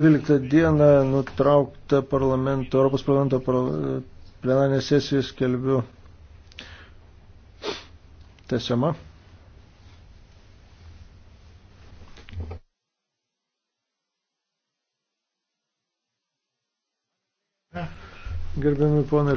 12 dieną nutraukta parlamento, Europos parlamento plenarinė sesija skelbiu tesiama. Gerbiami ponai.